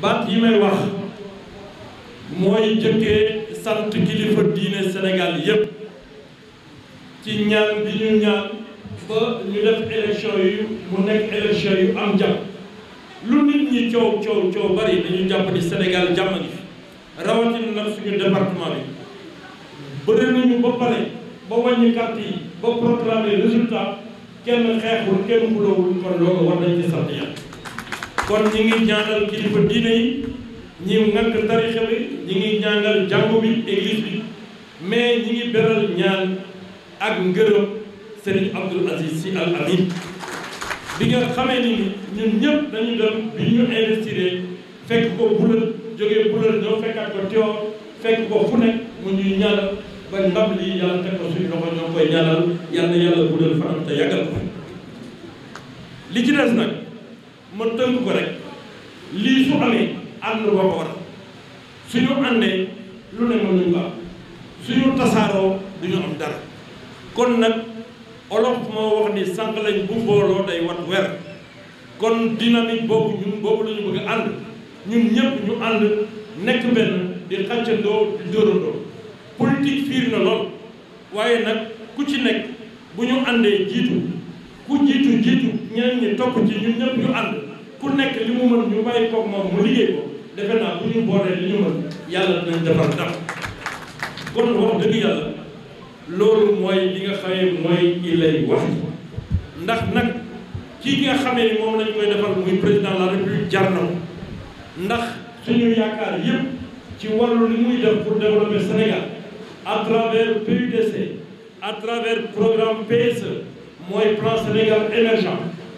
baat yi may wax mooy jëkkee sant kilifa diine Sénégal yépp ci ñaan bi ñu ñaan ba ñu def élection yu mu nekk élection yu am jàmm lu nit ñi coow coow coow bari dañu jàpp ni Sénégal jàmm gi rawatina nag suñu département bi bëri nañu ba pare ba wàññi carte yi ba proclamer résultat kenn xeexul kenn xuloowul kon loolu war ci sant yàlla kon ñi ngi ñaanal kilifa diine yi ñi ngànk tarixa bi ñi ngi ñaanal jàngu bi église bi mais ñi ngi beral ñaan ak ngërëm Serigne Abdoul Aziz Sy Al Amine bi nga xamee ni ñun ñëpp dañu dem bi ñu investir fekk ko bulal jógee bulal ñoo fekkaat ko teewoon fekk ko fu nekk mu ñuy ñaanal ba ndam lii yàlla teg ko suñu loxo ñoo koy ñaanal yàlla yàlla bulal fanam te yàggal ko li ci des nag ma tënk ko rek lii su amee am na boo ko war suñu àndee lu ne mën nañu ko am suñu tasaaroo am dara kon nag olof moo wax ni sànq lañ bu mbooloo day wat wer kon dynamique boobu ñun boobu la bëgg ànd ñun ñëpp ñu ànd nekk benn di xàccandoo di dóorandoo politique na lool waaye nag ku ci nekk bu ñu àndee jiitu ku jiitu jiitu ñeneen ñi topp ci ñun ñëpp ñu ànd ku nekk li mu mën ñu bàyyi koog moom mu liggéey ko defe naa bu ñu boolee li ñu mën yàlla dinañ defar dara kon wax dëgg yàlla loolu mooy li nga xamee mooy i lay wax ndax nag kii nga xamee ni moom lañ koy defal muy président de la république jar na ko ndax suñu yaakaar yépp ci wàllu li muy def pour développer Sénégal à travers PUDC à travers programme PSE mooy plan Sénégal émergent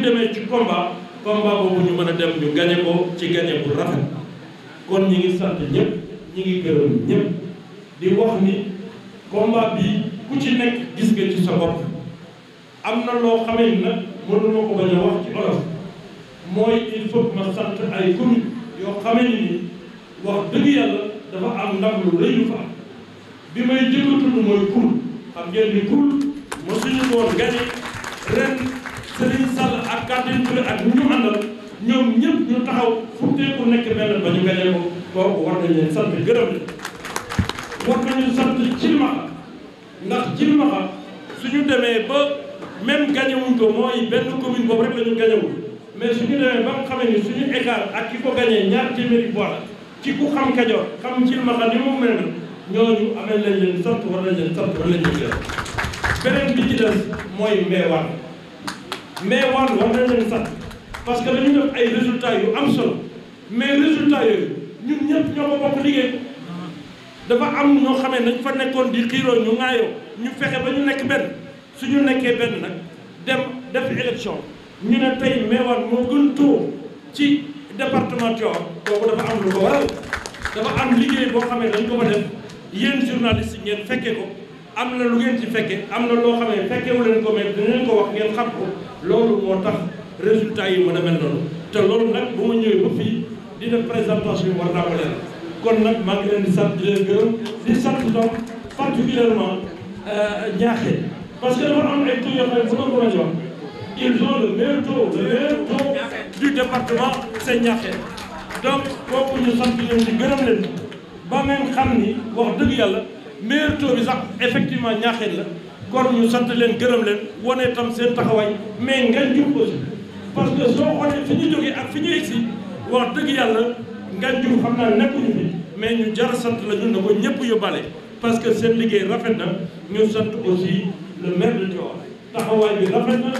ñu demee ci combat combat boobu ñu mën a dem ñu gañe ko ci gañe bu rafet kon ñi ngi sant ñëpp ñi ngi gërëm ñëpp di wax ni combat bi ku ci nekk gis nga ci sa bopp am na loo xamee nag mënuma ko bañ a wax ci olof mooy il faut ma sant ay commune yoo xamee ni wax dëgg yàlla dafa am ndam lu rëy fa bi may jëkka mooy Poul xam ngeen ni Poul mosuñu woon gañe Martin Touré ak ñu àndal ñoom ñëpp ñu taxaw fu teeku nekk benn ba ñu gañee ko kooku war nañ leen sant gërëm leen war nañu sant Cilmaxa ndax Cilmaxa suñu demee ba même ko mooy benn commune boobu rek la ñu gañewul mais suñu demee ba nga xamee ni suñu écart ak ki ko gañee ñaar téeméeri voix la ci ku xam Kajoor xam Cilmaxa ni mu mel na ñooñu amee lañ leen sant war nañ leen sant war nañ leen gërëm beneen bi ci mooy Mbeewaan mais ne parce que dañu def ay résultats yu am solo mais résultats ñun ñëpp ñoo bokk liggéey dafa am ñoo xamee nañ fa ñu ñu suñu élection ne tey meewaan moo ci département kooku dafa am lu dafa am liggéey boo xamee dañ ko def yéen journaliste ngeen ko am na lu ngeen ci fekke am loolu moo tax résultat yi mën demee noonu te loolu nag bu ma ñëwee ba fii di def présentation war naa ko kon nag maa ngi leen di sant di leen gërëm di sant donc particulièrement ñaaxe euh, parce que dafa am ay taux yoo xam ne bu ma ko jox ils ont le meilleur taux le meilleur taux du département c'est ñaaxe donc kooku ñu di gërëm leen ba ngeen xam ni wax dëgg yàlla meilleur taux bi sax effectivement ñaaxe la kon ñu sant leen gërëm leen wane tam seen taxawaay mais ngañ jur aussi parce que soo xoolee fi ñu jógee ak fi ñu egsi wax dëgg yàlla ngañ jur xam naa nekkuñu mais ñu a sant la ñun ko ñëpp yóbbaale parce que seen liggéey rafet na ñu sant aussi le maire de bi rafet na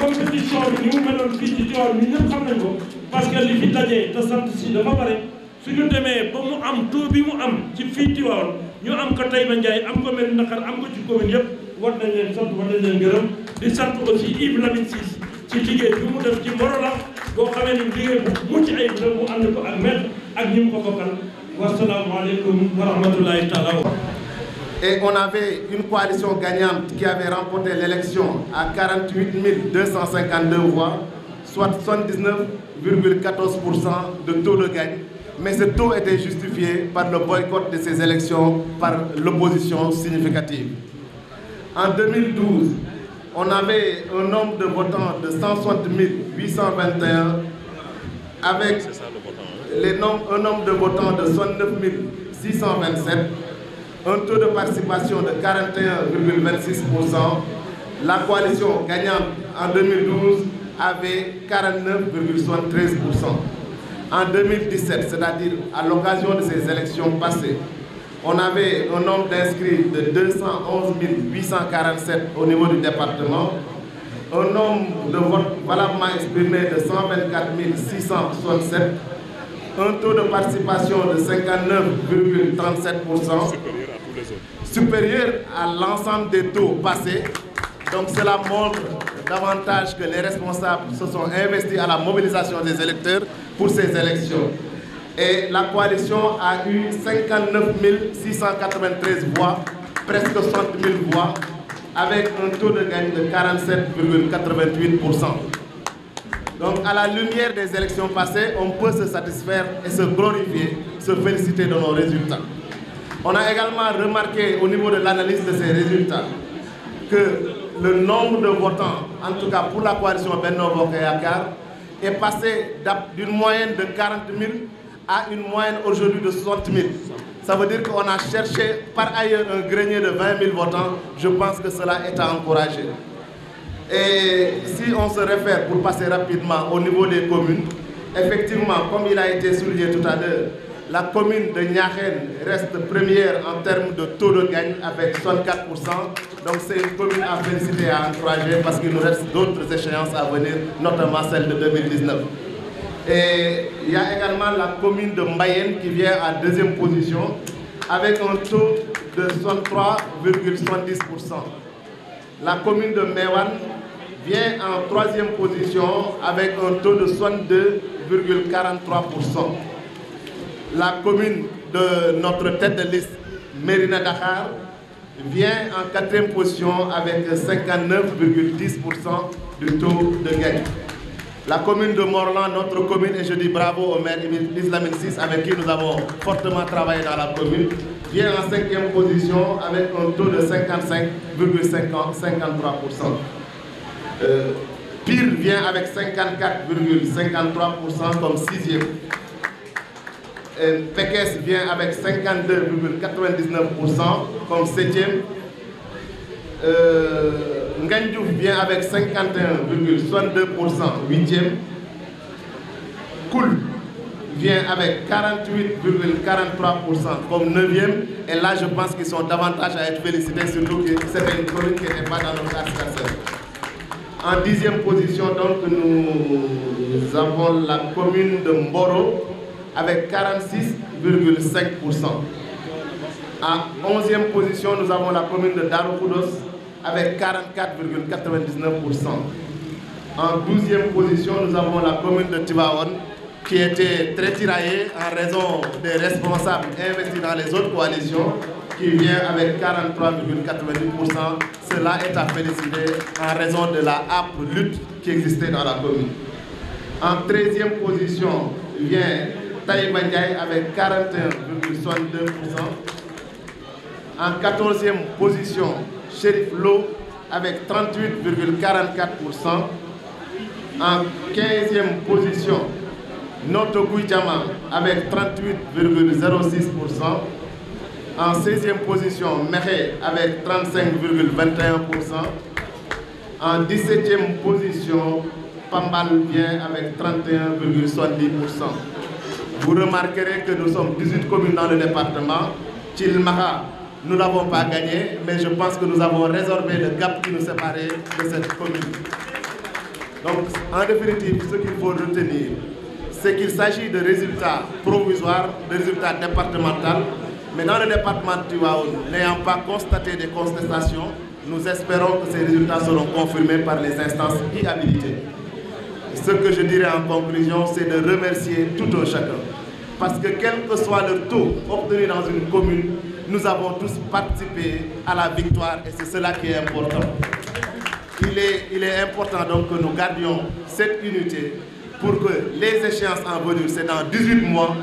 compétition bi ni mu meloon fii ci nañ ko parce que li fi dajee te sant si dafa bare suñu demee ba mu am taux bi mu am ci fii Tivaouane ñu am ko Taïba Ndiaye am ko Mérina Dakhar am ko ci commune Et on avait une coalition gagnante qui avait remporté l'élection à 48 252 voix, soit 79,14% de taux de gagne. Mais ce taux était justifié par le boycott de ces élections par l'opposition significative. En 2012, on avait un nombre de votants de 160 821 avec hein? un nombre de votants de 69 627, un taux de participation de 41,26%. La coalition gagnante en 2012 avait 49,73%. En 2017, c'est-à-dire à l'occasion de ces élections passées, on avait un nombre d'inscrits de 211 847 au niveau du département, un nombre de votes valablement exprimé de 124 667, un taux de participation de 59,37%, supérieur à l'ensemble des taux passés. Donc cela montre davantage que les responsables se sont investis à la mobilisation des électeurs pour ces élections et la coalition a eu 59 693 voix, presque 60 000 voix, avec un taux de gain de 47,88%. Donc à la lumière des élections passées, on peut se satisfaire et se glorifier, se féliciter de nos résultats. On a également remarqué au niveau de l'analyse de ces résultats que le nombre de votants, en tout cas pour la coalition Benno Bokayakar, est passé d'une moyenne de 40 000 à une moyenne aujourd'hui de 60 000. Ça veut dire qu'on a cherché par ailleurs un grenier de 20 000 votants. Je pense que cela est à encourager. Et si on se réfère, pour passer rapidement, au niveau des communes, effectivement, comme il a été souligné tout à l'heure, la commune de Niaren reste première en termes de taux de gagne avec 64%. Donc c'est une commune à féliciter et à encourager parce qu'il nous reste d'autres échéances à venir, notamment celle de 2019. Et il y a également la commune de Mayenne qui vient en deuxième position avec un taux de 63,70%. La commune de Mewan vient en troisième position avec un taux de 62,43%. La commune de notre tête de liste, Mérina Dakar, vient en quatrième position avec 59,10% du taux de gain. La commune de Morlan, notre commune, et je dis bravo au maire Islamine 6 avec qui nous avons fortement travaillé dans la commune, vient en cinquième position avec un taux de 55,53%. Euh, Pire vient avec 54,53% comme sixième. Euh, Pekes vient avec 52,99% comme septième. Euh, Nganjouf vient avec 51,62%, huitième. Koul vient avec 48,43% comme 9e. Et là, je pense qu'ils sont davantage à être félicités, surtout que c'est une commune qui n'est pas dans le classificateur. En dixième position, donc, nous avons la commune de Mboro avec 46,5%. En 11e position, nous avons la commune de Daroukoudos avec 44,99%. En 12e position, nous avons la commune de Tibaon, qui était très tiraillée en raison des responsables investis dans les autres coalitions qui vient avec 43,90%. Cela est à féliciter en raison de la âpre lutte qui existait dans la commune. En 13e position vient Taïba Ndiaye avec 41,62%. En 14e position, Chérif Lo avec 38,44%. En 15e position, Noto Guijama avec 38,06%. En 16e position, Mehé avec 35,21%. En 17e position, Pambal avec 31,70%. Vous remarquerez que nous sommes 18 communes dans le département. Chilmaha nous n'avons pas gagné, mais je pense que nous avons résorbé le gap qui nous séparait de cette commune. Donc, en définitive, ce qu'il faut retenir, c'est qu'il s'agit de résultats provisoires, de résultats départementaux. Mais dans le département de Tuaoun, n'ayant pas constaté des contestations, nous espérons que ces résultats seront confirmés par les instances y habilitées. Ce que je dirais en conclusion, c'est de remercier tout un chacun. Parce que quel que soit le taux obtenu dans une commune, nous avons tous participé à la victoire et c'est cela qui est important. Il est, il est important donc que nous gardions cette unité pour que les échéances en venir, c'est dans 18 mois,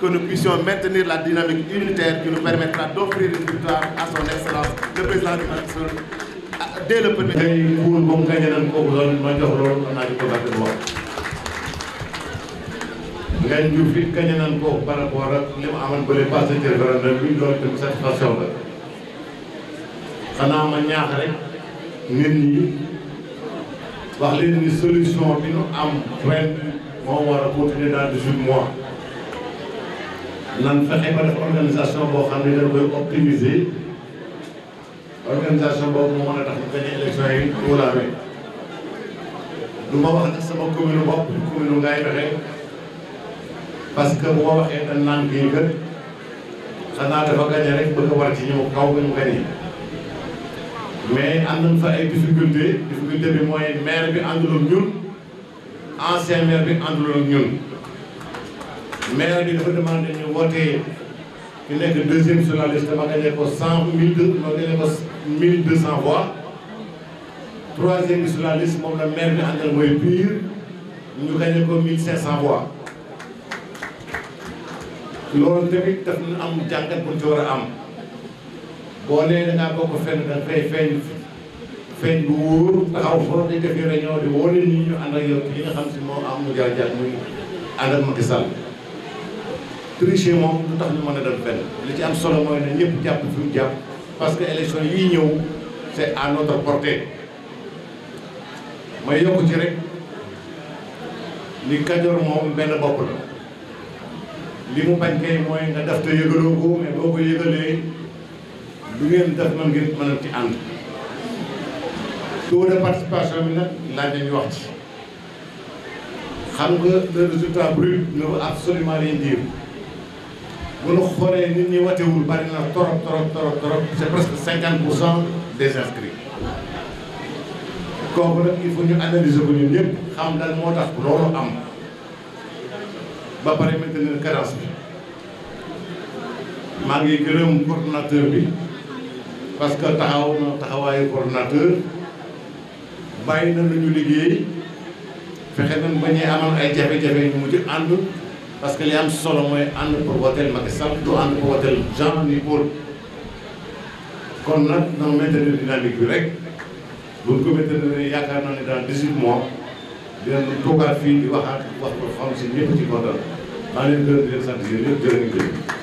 que nous puissions maintenir la dynamique unitaire qui nous permettra d'offrir une victoire à son excellence, le président du Mansour, dès le premier. Ngagne Diouf it kañ nañ ko par rapport ak li mu amoon bële passé ci référendum bi loolu tamit satisfaction la xanaa ma ñaax rek nit ñi wax leen ni solution bi nu am moo war a continuer dans 18 mois nan fexe ba def organisation boo xam ne dañ koy optimiser organisation boobu moo mën a tax ñu gañe élection yi pour la du wax nag sama commune bopp commune Ngaye Mekhe. parce que boo waxee dañ naan kii kat xanaa dafa gañe rek bëgg a ci ñëw kaw ba mu gañe mais am nañ fa ay difficulté difficulté bi mooy maire bi àndul ak ñun ancien maire bi àndul ak ñun maire bi dafa demandé ñu voté ñu nekk deuxième sur la liste dama gañe ko cent mille deux ma gañe ko mille deux cent voix troisième bi sur moom la maire bi àndal mooy pire ñu gañe ko mille cinq cent voix loolu tamit daf ñu am jàngat bu ñu ci war a am boo nee da ngaa bokk fenn da feeñ feeñ bu wóor taxaw foofu dañ def réunion nga xam si moo am mu jaar jaar muy ànd ak Macky Sall tricher moom lu tax ñu mën a dem fenn li ci am solo mooy ne ñëpp jàpp fi jàpp parce que élection yi ñëw c'est à notre portée may yokk ci rek ni Kajoor moom benn bopp la li mu bañ kay mooy nga def te yëgaloo ko mais boo ko yëgalee lu ngeen def man ngeen mën a ci ànd taux de participation bi nag laaj nañu wax ci xam nga de résultat brut ne veut absolument rien dire xoolee nit ñi watewul bari na trop trop trop trop c'est presque cinquante pour cent des inscrits kooku nag il faut ñu analyser ko ñun ñëpp xam lan moo tax loolu am ba pare maintenir cadence bi maa ngi gërëm coordinateur bi parce que taxaw na taxaway coordinateur bàyyi na ñu liggéey fexé nañ bañé amal ay eh, jafé jafé ñu mu ci and parce que li am solo moy and pour hôtel Macky Sall do and pour hôtel Jean ni pour kon nak na maintenir dynamique bi rek bu ko maintenir yaakaar na ni dans 18 mois dinañ toogaat fii di waxaat wax ko xam ci ñepp ci bodal Hani böyle bir insan geliyor, direkt geliyor.